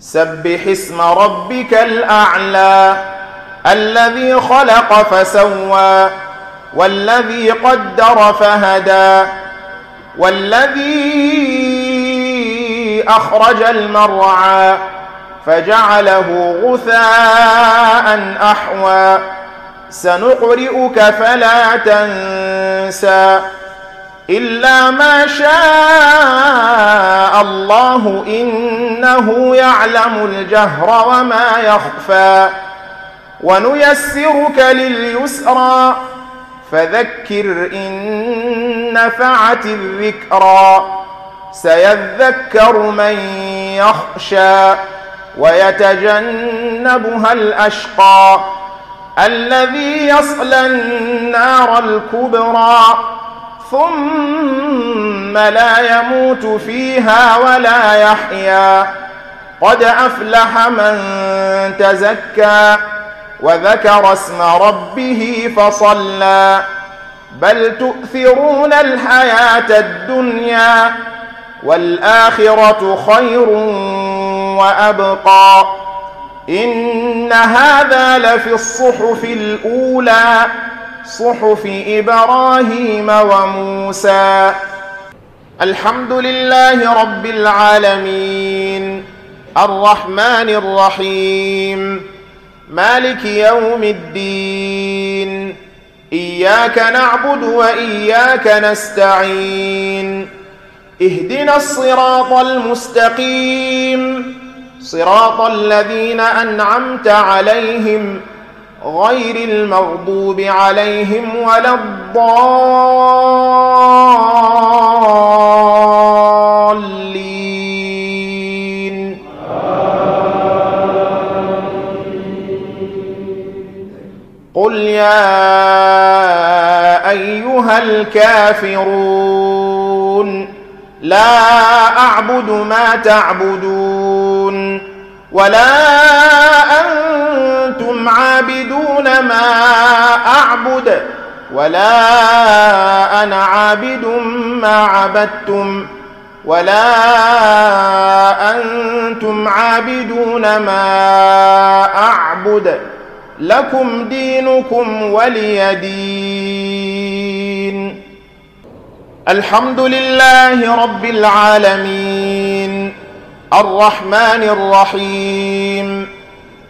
سبح اسم ربك الأعلى الذي خلق فسوى والذي قدر فهدى والذي أخرج المرعى فجعله غثاء أحوى سنقرئك فلا تنسى إلا ما شاء الله إنه يعلم الجهر وما يخفى ونيسرك لليسرى فذكر إن نفعت الذكرى سيذكر من يخشى ويتجنبها الأشقى الذي يصلى النار الكبرى ثم لا يموت فيها ولا يحيا قد أفلح من تزكى وذكر اسم ربه فصلى بل تؤثرون الحياة الدنيا والآخرة خير وأبقى إن هذا لفي الصحف الأولى صحف إبراهيم وموسى الحمد لله رب العالمين الرحمن الرحيم مالك يوم الدين إياك نعبد وإياك نستعين اهدنا الصراط المستقيم صراط الذين أنعمت عليهم غير المغضوب عليهم ولا الضالين قل يا أيها الكافرون لا أعبد ما تعبدون ولا أن هم عابدون ما أعبد ولا أنا عابد ما عبدتم ولا أنتم عابدون ما أعبد لكم دينكم ولي دين الحمد لله رب العالمين الرحمن الرحيم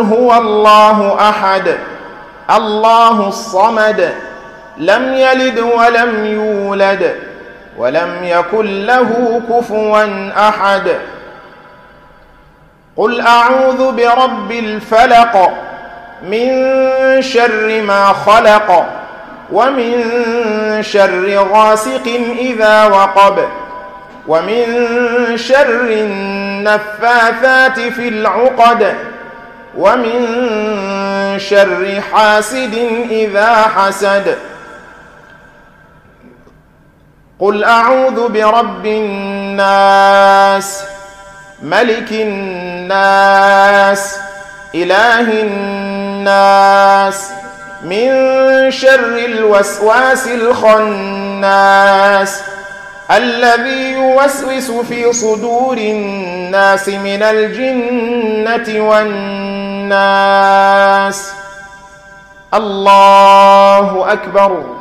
هو الله أحد الله الصمد لم يلد ولم يولد ولم يكن له كفوا أحد قل أعوذ برب الفلق من شر ما خلق ومن شر غاسق إذا وقب ومن شر النفاثات في العقد ومن شر حاسد إذا حسد قل أعوذ برب الناس ملك الناس إله الناس من شر الوسواس الخناس الذي يوسوس في صدور الناس من الجنة والناس الناس الله أكبر